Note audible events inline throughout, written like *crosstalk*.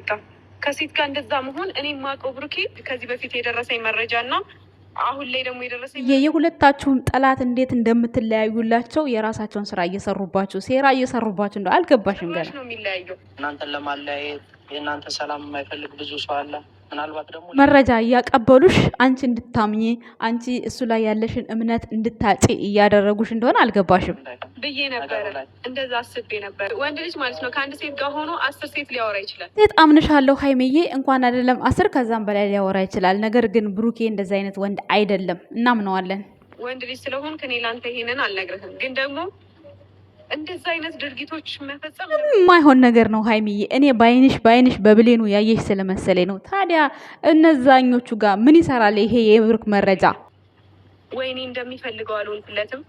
በጣም ከሴት ጋር እንደዛ መሆን እኔ የማውቀው ብሩኬ፣ ከዚህ በፊት የደረሰኝ መረጃ እና አሁን ላይ ደግሞ የደረሰ የሁለታችሁም ጠላት እንዴት እንደምትለያዩላቸው የራሳቸውን ስራ እየሰሩባቸው ሴራ እየሰሩባቸው እንደው አልገባሽም ገና ነው የሚለያየው እናንተን ለማለያየት የእናንተ ሰላም የማይፈልግ ብዙ ሰው አለ። መረጃ እያቀበሉሽ አንቺ እንድታምኚ አንቺ እሱ ላይ ያለሽን እምነት እንድታጪ እያደረጉሽ እንደሆነ አልገባሽም ብዬ ነበር። እንደዛ አስቤ ነበር። ወንድ ልጅ ማለት ነው ከአንድ ሴት ጋር ሆኖ አስር ሴት ሊያወራ ይችላል። ሴት አምንሻለሁ ሀይሜዬ፣ እንኳን አይደለም አስር ከዛም በላይ ሊያወራ ይችላል። ነገር ግን ብሩኬ እንደዚ አይነት ወንድ አይደለም፣ እናምነዋለን። ወንድ ልጅ ስለሆን ከኔ ላንተ ይሄንን አልነግርህም፣ ግን ደግሞ እንደዛ አይነት ድርጊቶች መፈጸም የማይሆን ነገር ነው ሀይሚዬ። እኔ በአይንሽ በአይንሽ በብሌኑ ያየሽ ስለመሰለኝ ነው። ታዲያ እነዛኞቹ ጋር ምን ይሰራል ይሄ የብሩክ መረጃ? ወይኔ እንደሚፈልገው አልሆንኩለትም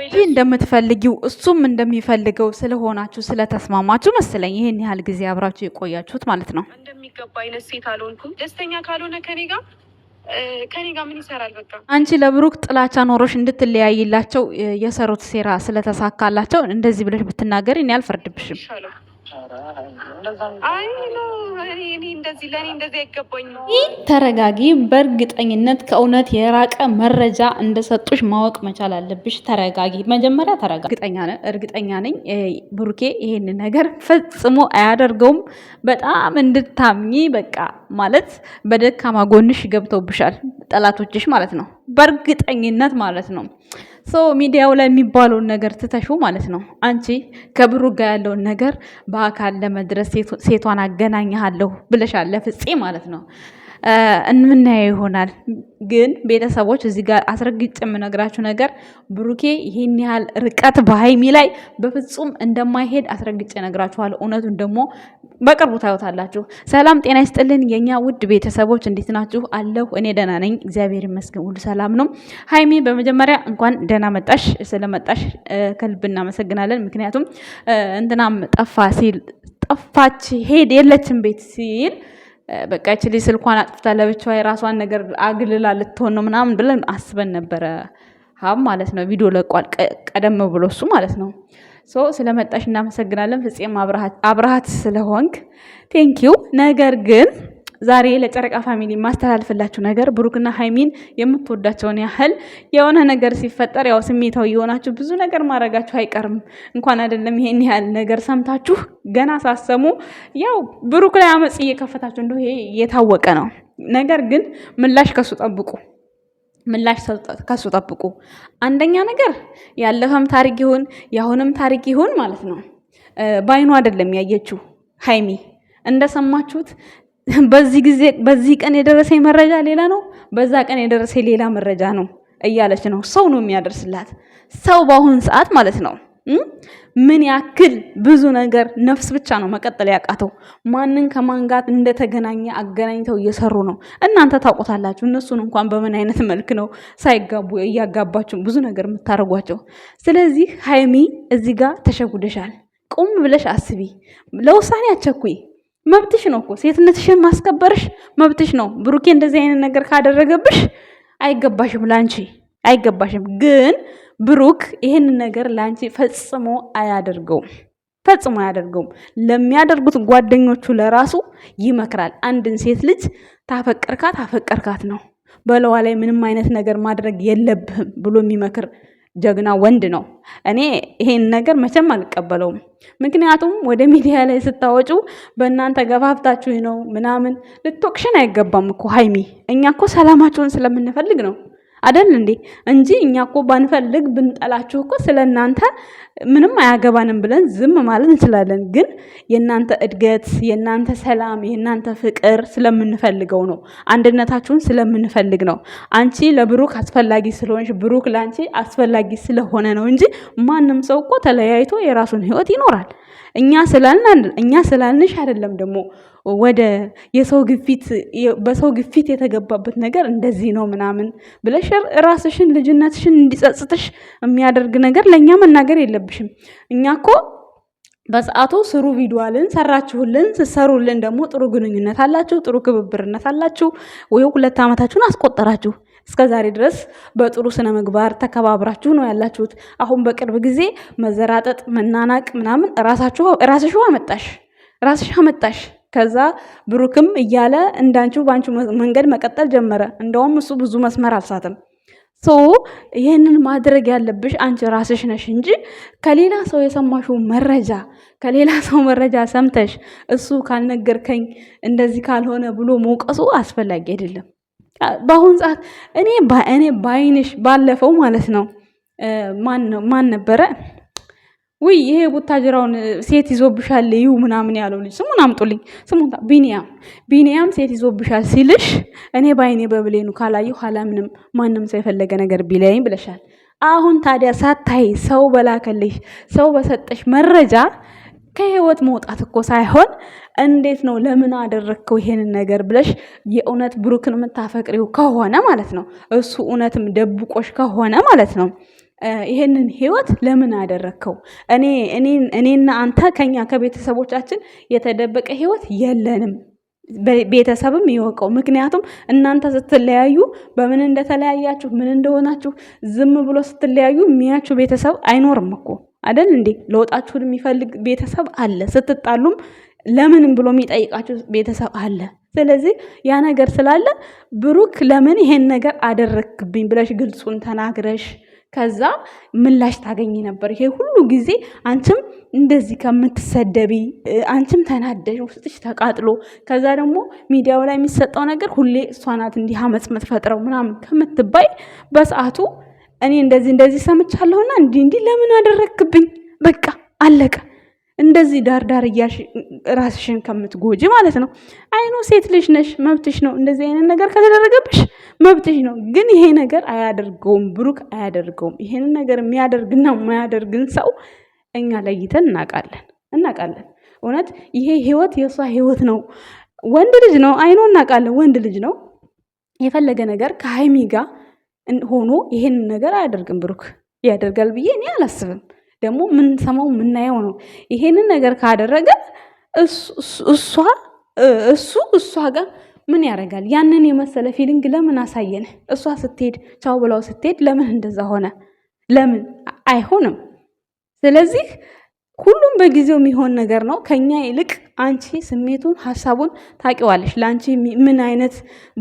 ይህ እንደምትፈልጊው እሱም እንደሚፈልገው ስለሆናችሁ ስለተስማማችሁ መሰለኝ ይህን ያህል ጊዜ አብራችሁ የቆያችሁት ማለት ነው። እንደሚገባ አይነት ሴት አልሆንኩም። ደስተኛ ካልሆነ ከኔ ጋር ከኔ ጋር ምን ይሰራል? በቃ አንቺ ለብሩክ ጥላቻ ኖሮሽ እንድትለያይላቸው የሰሩት ሴራ ስለተሳካላቸው እንደዚህ ብለሽ ብትናገር እኔ አልፈርድብሽም። ተረጋጊ። በእርግጠኝነት ከእውነት የራቀ መረጃ እንደሰጡሽ ማወቅ መቻል አለብሽ። ተረጋጊ፣ መጀመሪያ ተረጋጊ። እርግጠኛ ነኝ ብሩኬ ይሄን ነገር ፈጽሞ አያደርገውም። በጣም እንድታምኚ በቃ ማለት በደካማ ጎንሽ ገብተውብሻል ጠላቶችሽ ማለት ነው፣ በእርግጠኝነት ማለት ነው። ሰው ሚዲያው ላይ የሚባለውን ነገር ትተሹ ማለት ነው። አንቺ ከብሩ ጋር ያለውን ነገር በአካል ለመድረስ ሴቷን አገናኘሃለሁ ብለሻል ለፍፄ ማለት ነው። እንምናየው ይሆናል። ግን ቤተሰቦች እዚህ ጋር አስረግጬ የምነግራችሁ ነገር ብሩኬ ይህን ያህል ርቀት በሀይሚ ላይ በፍጹም እንደማይሄድ አስረግጬ እነግራችኋለሁ። እውነቱን ደግሞ በቅርቡ ታዩታላችሁ። ሰላም ጤና ይስጥልን የእኛ ውድ ቤተሰቦች እንዴት ናችሁ? አለሁ እኔ ደህና ነኝ፣ እግዚአብሔር ይመስገን፣ ሁሉ ሰላም ነው። ሀይሚ በመጀመሪያ እንኳን ደህና መጣሽ። ስለመጣሽ ከልብ እናመሰግናለን። ምክንያቱም እንትናም ጠፋ ሲል ጠፋች ሄድ የለችም ቤት ሲል በቃ ችሊ ስልኳን አጥፍታ ለብቻዋ የራሷን ነገር አግልላ ልትሆን ነው ምናምን ብለን አስበን ነበረ። ሀብ ማለት ነው ቪዲዮ ለቋል፣ ቀደም ብሎ እሱ ማለት ነው። ሶ ስለመጣሽ እናመሰግናለን። ፍፄም አብርሃት ስለሆንክ ቴንኪው። ነገር ግን ዛሬ ለጨረቃ ፋሚሊ የማስተላልፍላችሁ ነገር ብሩክና ሀይሚን የምትወዳቸውን ያህል የሆነ ነገር ሲፈጠር ያው ስሜታዊ የሆናችሁ ብዙ ነገር ማድረጋችሁ አይቀርም። እንኳን አይደለም ይሄን ያህል ነገር ሰምታችሁ ገና ሳሰሙ ያው ብሩክ ላይ አመፅ እየከፈታችሁ እንደ ይሄ እየታወቀ ነው። ነገር ግን ምላሽ ከሱ ጠብቁ ምላሽ ከሱ ጠብቁ። አንደኛ ነገር ያለፈም ታሪክ ይሁን የአሁንም ታሪክ ይሁን ማለት ነው። በአይኑ አይደለም ያየችው ሀይሚ እንደሰማችሁት *laughs* በዚህ ጊዜ በዚህ ቀን የደረሰኝ መረጃ ሌላ ነው፣ በዛ ቀን የደረሰኝ ሌላ መረጃ ነው እያለች ነው። ሰው ነው የሚያደርስላት። ሰው በአሁን ሰዓት ማለት ነው ምን ያክል ብዙ ነገር ነፍስ ብቻ ነው መቀጠል ያቃተው። ማንን ከማን ጋር እንደተገናኘ አገናኝተው እየሰሩ ነው። እናንተ ታውቆታላችሁ። እነሱን እንኳን በምን አይነት መልክ ነው ሳይጋቡ እያጋባችሁ ብዙ ነገር የምታደርጓቸው። ስለዚህ ሀይሚ እዚህ ጋር ተሸጉደሻል። ቁም ብለሽ አስቢ። ለውሳኔ አቸኩይ መብትሽ ነው እኮ ሴትነትሽን ማስከበርሽ መብትሽ ነው። ብሩኬ እንደዚህ አይነት ነገር ካደረገብሽ አይገባሽም፣ ላንቺ አይገባሽም። ግን ብሩክ ይህንን ነገር ላንቺ ፈጽሞ አያደርገውም፣ ፈጽሞ አያደርገውም። ለሚያደርጉት ጓደኞቹ ለራሱ ይመክራል። አንድን ሴት ልጅ ታፈቀርካት አፈቀርካት ነው በለዋ ላይ ምንም አይነት ነገር ማድረግ የለብህም ብሎ የሚመክር ጀግና ወንድ ነው። እኔ ይሄን ነገር መቼም አልቀበለውም። ምክንያቱም ወደ ሚዲያ ላይ ስታወጩ በእናንተ ገፋፍታችሁ ነው ምናምን ልትወቅሽን አይገባም እኮ ሀይሚ። እኛ እኮ ሰላማችሁን ስለምንፈልግ ነው። አደል እንዴ? እንጂ እኛ እኮ ባንፈልግ ብንጠላችሁ እኮ ስለ እናንተ ምንም አያገባንም ብለን ዝም ማለት እንችላለን። ግን የእናንተ እድገት፣ የእናንተ ሰላም፣ የእናንተ ፍቅር ስለምንፈልገው ነው። አንድነታችሁን ስለምንፈልግ ነው። አንቺ ለብሩክ አስፈላጊ ስለሆንሽ፣ ብሩክ ለአንቺ አስፈላጊ ስለሆነ ነው እንጂ ማንም ሰው እኮ ተለያይቶ የራሱን ህይወት ይኖራል። እኛ ስላልን እኛ ስላልንሽ አይደለም ደግሞ ወደ የሰው ግፊት በሰው ግፊት የተገባበት ነገር እንደዚህ ነው ምናምን ብለሽ ራስሽን ልጅነትሽን እንዲጸጽትሽ የሚያደርግ ነገር ለእኛ መናገር የለብሽም። እኛ እኮ በሰዓቱ ስሩ ቪዲዮዋልን ሰራችሁልን። ሰሩልን ደግሞ ጥሩ ግንኙነት አላችሁ፣ ጥሩ ክብብርነት አላችሁ። ወይ ሁለት ዓመታችሁን አስቆጠራችሁ። እስከ ዛሬ ድረስ በጥሩ ስነ ምግባር ተከባብራችሁ ነው ያላችሁት። አሁን በቅርብ ጊዜ መዘራጠጥ፣ መናናቅ ምናምን ራስሽ አመጣሽ ራስሽ አመጣሽ። ከዛ ብሩክም እያለ እንዳንቺው በአንቺው መንገድ መቀጠል ጀመረ። እንደውም እሱ ብዙ መስመር አልሳትም። ሶ ይህንን ማድረግ ያለብሽ አንቺ ራስሽ ነሽ እንጂ ከሌላ ሰው የሰማሽው መረጃ ከሌላ ሰው መረጃ ሰምተሽ እሱ ካልነገርከኝ እንደዚህ ካልሆነ ብሎ መውቀሱ አስፈላጊ አይደለም። በአሁን ሰዓት እኔ እኔ ባይንሽ ባለፈው ማለት ነው ማን ነበረ ውይ ይሄ ቡታጅራውን ሴት ይዞብሻል ይሁ ምናምን ያለው ልጅ ስሙን አምጡልኝ። ስሙን ቢኒያም ቢኒያም ሴት ይዞብሻል ሲልሽ እኔ ባይኔ በብሌኑ ካላየሁ ኋላ ምንም ማንም ሰው የፈለገ ነገር ቢለያኝ ብለሻል። አሁን ታዲያ ሳታይ ሰው በላከልሽ ሰው በሰጠሽ መረጃ ከህይወት መውጣት እኮ ሳይሆን እንዴት ነው ለምን አደረግከው ይሄንን ነገር ብለሽ የእውነት ብሩክን የምታፈቅሪው ከሆነ ማለት ነው እሱ እውነትም ደብቆሽ ከሆነ ማለት ነው ይሄንን ህይወት ለምን አደረግከው? እኔ እኔና አንተ ከኛ ከቤተሰቦቻችን የተደበቀ ህይወት የለንም። ቤተሰብም ይወቀው። ምክንያቱም እናንተ ስትለያዩ በምን እንደተለያያችሁ ምን እንደሆናችሁ ዝም ብሎ ስትለያዩ የሚያችሁ ቤተሰብ አይኖርም እኮ አደል እንዴ? ለውጣችሁን የሚፈልግ ቤተሰብ አለ። ስትጣሉም ለምንም ብሎ የሚጠይቃችሁ ቤተሰብ አለ። ስለዚህ ያ ነገር ስላለ ብሩክ ለምን ይሄን ነገር አደረግብኝ ብለሽ ግልጹን ተናግረሽ ከዛ ምላሽ ታገኝ ነበር። ይሄ ሁሉ ጊዜ አንቺም እንደዚህ ከምትሰደቢ አንቺም ተናደሽ ውስጥሽ ተቃጥሎ ከዛ ደግሞ ሚዲያው ላይ የሚሰጠው ነገር ሁሌ እሷ ናት እንዲህ አመፅ ምትፈጥረው ምናምን ከምትባይ በሰዓቱ እኔ እንደዚህ እንደዚህ ሰምቻለሁና እንዲህ እንዲህ ለምን አደረግክብኝ በቃ አለቀ እንደዚህ ዳርዳር እያልሽ ራስሽን ከምትጎጂ ማለት ነው። አይኑ ሴት ልጅ ነሽ፣ መብትሽ ነው። እንደዚህ አይነት ነገር ከተደረገብሽ መብትሽ ነው። ግን ይሄ ነገር አያደርገውም፣ ብሩክ አያደርገውም። ይሄንን ነገር የሚያደርግና የማያደርግን ሰው እኛ ለይተን እናቃለን፣ እናቃለን። እውነት ይሄ ህይወት የእሷ ህይወት ነው። ወንድ ልጅ ነው፣ አይኑ እናውቃለን፣ ወንድ ልጅ ነው። የፈለገ ነገር ከሀይሚ ጋር ሆኖ ይሄንን ነገር አያደርግም ብሩክ። ያደርጋል ብዬ እኔ አላስብም። ደግሞ የምንሰማው የምናየው ነው። ይሄንን ነገር ካደረገ እሷ እሱ እሷ ጋር ምን ያደርጋል? ያንን የመሰለ ፊሊንግ ለምን አሳየን? እሷ ስትሄድ ቻው ብላው ስትሄድ ለምን እንደዛ ሆነ? ለምን አይሆንም? ስለዚህ ሁሉም በጊዜው የሚሆን ነገር ነው። ከኛ ይልቅ አንቺ ስሜቱን ሀሳቡን ታቂዋለሽ። ለአንቺ ምን አይነት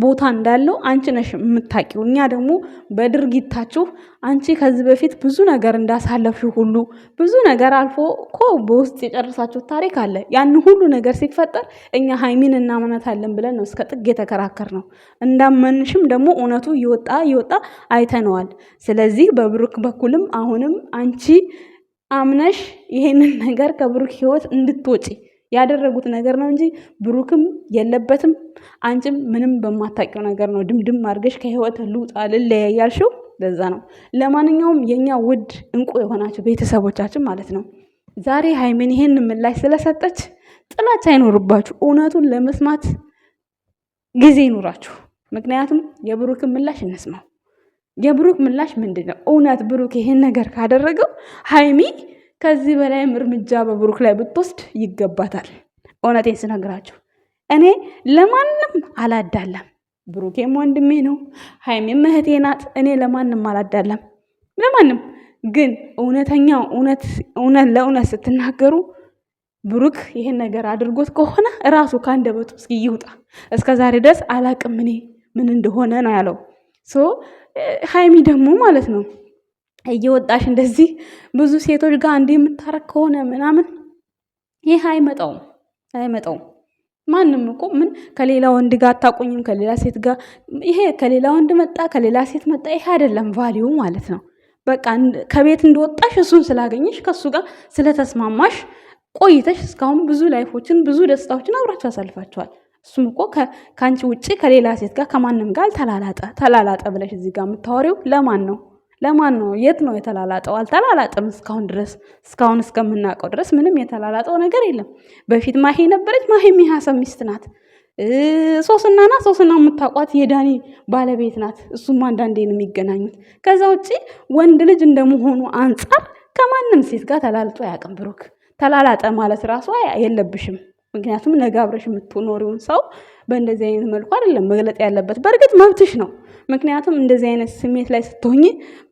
ቦታ እንዳለው አንቺ ነሽ የምታቂው። እኛ ደግሞ በድርጊታችሁ አንቺ ከዚህ በፊት ብዙ ነገር እንዳሳለፍሽ ሁሉ ብዙ ነገር አልፎ እኮ በውስጥ የጨረሳችሁ ታሪክ አለ። ያን ሁሉ ነገር ሲፈጠር እኛ ሀይሚን እናምናታለን ብለን ነው እስከ ጥግ የተከራከር ነው። እንዳመንሽም ደግሞ እውነቱ እየወጣ እየወጣ አይተነዋል። ስለዚህ በብሩክ በኩልም አሁንም አንቺ አምነሽ ይሄንን ነገር ከብሩክ ህይወት እንድትወጪ ያደረጉት ነገር ነው እንጂ ብሩክም የለበትም። አንቺም ምንም በማታውቂው ነገር ነው ድምድም አድርገሽ ከህይወት ልውጣ ልለያይ ያልሽው ለዛ ነው። ለማንኛውም የእኛ ውድ እንቁ የሆናችሁ ቤተሰቦቻችን ማለት ነው ዛሬ ሀይሜን ይሄን ምላሽ ስለሰጠች ጥላቻ አይኖርባችሁ፣ እውነቱን ለመስማት ጊዜ ይኖራችሁ። ምክንያቱም የብሩክን ምላሽ እንስማው። የብሩክ ምላሽ ምንድን ነው? እውነት ብሩክ ይሄን ነገር ካደረገው ሀይሚ ከዚህ በላይም እርምጃ በብሩክ ላይ ብትወስድ ይገባታል። እውነቴን ስነግራችሁ እኔ ለማንም አላዳለም። ብሩኬም ወንድሜ ነው፣ ሀይሚም እህቴ ናት። እኔ ለማንም አላዳለም፣ ለማንም ግን እውነተኛው እውነት ለእውነት ስትናገሩ ብሩክ ይሄን ነገር አድርጎት ከሆነ እራሱ ከአንደበቱ እስኪ ይውጣ። እስከ ዛሬ ድረስ አላቅም እኔ ምን እንደሆነ ነው ያለው ሶ ሀይሚ ደግሞ ማለት ነው እየወጣሽ እንደዚህ ብዙ ሴቶች ጋር እንዲህ የምታረግ ከሆነ ምናምን ይህ አይመጣውም አይመጣውም። ማንም እኮ ምን ከሌላ ወንድ ጋር አታቆኝም፣ ከሌላ ሴት ጋር ይሄ ከሌላ ወንድ መጣ፣ ከሌላ ሴት መጣ፣ ይሄ አይደለም ቫሊዩ ማለት ነው። በቃ ከቤት እንደወጣሽ እሱን ስላገኘሽ ከእሱ ጋር ስለተስማማሽ ቆይተሽ እስካሁን ብዙ ላይፎችን ብዙ ደስታዎችን አብራችሁ አሳልፋችኋል። እሱም እኮ ከአንቺ ውጭ ከሌላ ሴት ጋር ከማንም ጋር ተላላጠ ተላላጠ ብለሽ እዚህ ጋር የምታወሪው ለማን ነው? ለማን ነው? የት ነው የተላላጠው? አልተላላጠም። እስካሁን ድረስ እስካሁን እስከምናውቀው ድረስ ምንም የተላላጠው ነገር የለም። በፊት ማሄ ነበረች። ማሄ የሚያሰብ ሚስት ናት። ሶስናና ሶስና የምታውቋት የዳኒ ባለቤት ናት። እሱም አንዳንዴ ነው የሚገናኙት። ከዛ ውጭ ወንድ ልጅ እንደመሆኑ አንጻር ከማንም ሴት ጋር ተላልጦ አያውቅም። ብሩክ ተላላጠ ማለት ራሷ የለብሽም። ምክንያቱም ነገ አብረሽ የምትኖሪውን ሰው በእንደዚህ አይነት መልኩ አይደለም መግለጽ ያለበት። በእርግጥ መብትሽ ነው። ምክንያቱም እንደዚህ አይነት ስሜት ላይ ስትሆኝ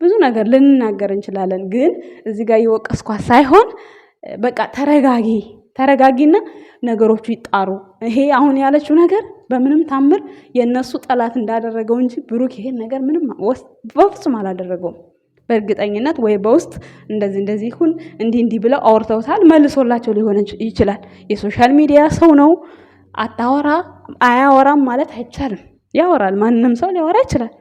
ብዙ ነገር ልንናገር እንችላለን። ግን እዚህ ጋር የወቀስኳት ሳይሆን በቃ ተረጋጊ፣ ተረጋጊና ነገሮቹ ይጣሩ። ይሄ አሁን ያለችው ነገር በምንም ታምር የእነሱ ጠላት እንዳደረገው እንጂ ብሩክ ይሄን ነገር ምንም በፍጹም አላደረገውም። በእርግጠኝነት ወይ በውስጥ እንደዚህ እንደዚህ ይሁን እንዲህ እንዲህ ብለው አውርተውታል። መልሶላቸው ሊሆን ይችላል። የሶሻል ሚዲያ ሰው ነው። አታወራ አያወራም ማለት አይቻልም። ያወራል። ማንም ሰው ሊያወራ ይችላል።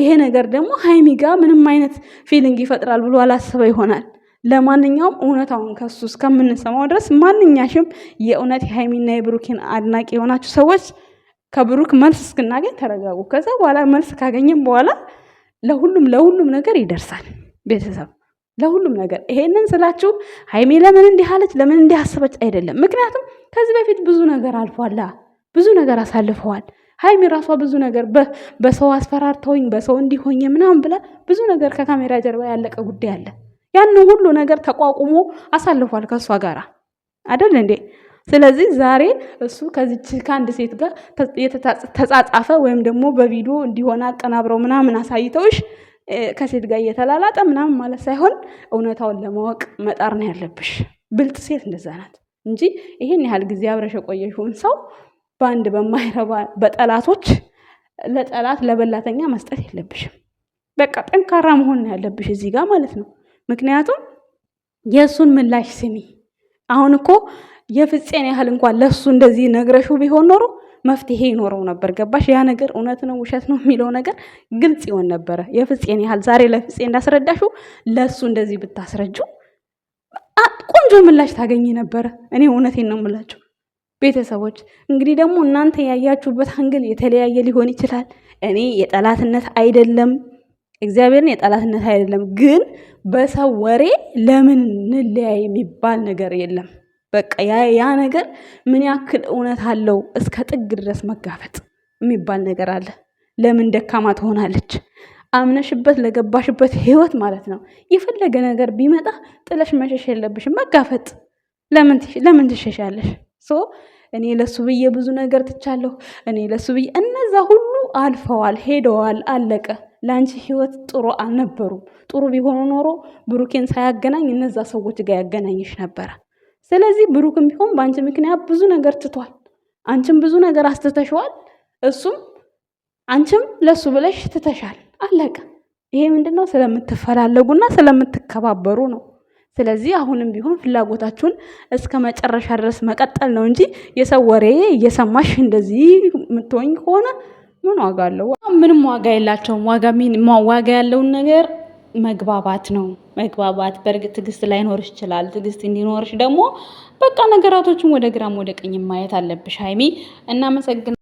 ይሄ ነገር ደግሞ ሀይሚ ጋ ምንም አይነት ፊሊንግ ይፈጥራል ብሎ አላሰበ ይሆናል። ለማንኛውም እውነታውን ከሱ እስከምንሰማው ድረስ ማንኛሽም የእውነት የሀይሚና የብሩኬን አድናቂ የሆናችሁ ሰዎች ከብሩክ መልስ እስክናገኝ ተረጋጉ። ከዛ በኋላ መልስ ካገኘም በኋላ ለሁሉም ለሁሉም ነገር ይደርሳል። ቤተሰብ ለሁሉም ነገር ይሄንን ስላችሁ ሃይሜ ለምን እንዲህ አለች ለምን እንዲህ አሰበች አይደለም። ምክንያቱም ከዚህ በፊት ብዙ ነገር አልፏላ፣ ብዙ ነገር አሳልፈዋል። ሃይሜ ራሷ ብዙ ነገር በሰው አስፈራርተውኝ በሰው እንዲሆኝ ምናምን ብላ ብዙ ነገር ከካሜራ ጀርባ ያለቀ ጉዳይ አለ። ያን ሁሉ ነገር ተቋቁሞ አሳልፏል ከእሷ ጋር አደል እንዴ? ስለዚህ ዛሬ እሱ ከዚች ከአንድ ሴት ጋር ተጻጻፈ ወይም ደግሞ በቪዲዮ እንዲሆን አቀናብረው ምናምን አሳይተውሽ ከሴት ጋር እየተላላጠ ምናምን ማለት ሳይሆን እውነታውን ለማወቅ መጣር ነው ያለብሽ። ብልጥ ሴት እንደዛ ናት እንጂ ይሄን ያህል ጊዜ አብረሽ የቆየሽውን ሰው በአንድ በማይረባ በጠላቶች ለጠላት ለበላተኛ መስጠት የለብሽም። በቃ ጠንካራ መሆን ነው ያለብሽ እዚህ ጋር ማለት ነው። ምክንያቱም የእሱን ምላሽ ስሚ። አሁን እኮ የፍፄን ያህል እንኳን ለሱ እንደዚህ ነግረሹ ቢሆን ኖሮ መፍትሄ ይኖረው ነበር። ገባሽ? ያ ነገር እውነት ነው ውሸት ነው የሚለው ነገር ግልጽ ይሆን ነበረ። የፍፄን ያህል ዛሬ ለፍፄ እንዳስረዳሹ ለሱ እንደዚህ ብታስረጁ ቆንጆ ምላሽ ታገኝ ነበረ። እኔ እውነቴን ነው ምላችሁ ቤተሰቦች። እንግዲህ ደግሞ እናንተ ያያችሁበት አንግል የተለያየ ሊሆን ይችላል። እኔ የጠላትነት አይደለም እግዚአብሔርን የጠላትነት አይደለም፣ ግን በሰው ወሬ ለምን እንለያይ የሚባል ነገር የለም። በቃ ያ ነገር ምን ያክል እውነት አለው እስከ ጥግ ድረስ መጋፈጥ የሚባል ነገር አለ። ለምን ደካማ ትሆናለች? አምነሽበት ለገባሽበት ህይወት ማለት ነው። የፈለገ ነገር ቢመጣ ጥለሽ መሸሽ የለብሽም። መጋፈጥ ለምን ትሸሻለሽ? ሶ እኔ ለሱ ብዬ ብዙ ነገር ትቻለሁ። እኔ ለሱ ብዬ እነዛ ሁሉ አልፈዋል፣ ሄደዋል፣ አለቀ። ለአንቺ ህይወት ጥሩ አልነበሩም። ጥሩ ቢሆኑ ኖሮ ብሩኬን ሳያገናኝ እነዛ ሰዎች ጋር ያገናኝሽ ነበራል። ስለዚህ ብሩክም ቢሆን በአንቺ ምክንያት ብዙ ነገር ትቷል። አንቺም ብዙ ነገር አስትተሸዋል። እሱም አንቺም ለሱ ብለሽ ትተሻል። አለቀ። ይሄ ምንድን ነው? ስለምትፈላለጉና ስለምትከባበሩ ነው። ስለዚህ አሁንም ቢሆን ፍላጎታችሁን እስከ መጨረሻ ድረስ መቀጠል ነው እንጂ የሰው ወሬ እየሰማሽ እንደዚህ የምትሆኝ ከሆነ ምን ዋጋ አለው? ምንም ዋጋ የላቸውም። ዋጋ ያለውን ነገር መግባባት ነው መግባባት። በእርግጥ ትዕግስት ላይኖርሽ ይችላል። ትዕግስት እንዲኖርሽ ደግሞ በቃ ነገራቶችን ወደ ግራም ወደ ቀኝ ማየት አለብሽ ሀይሚ። እናመሰግናለን።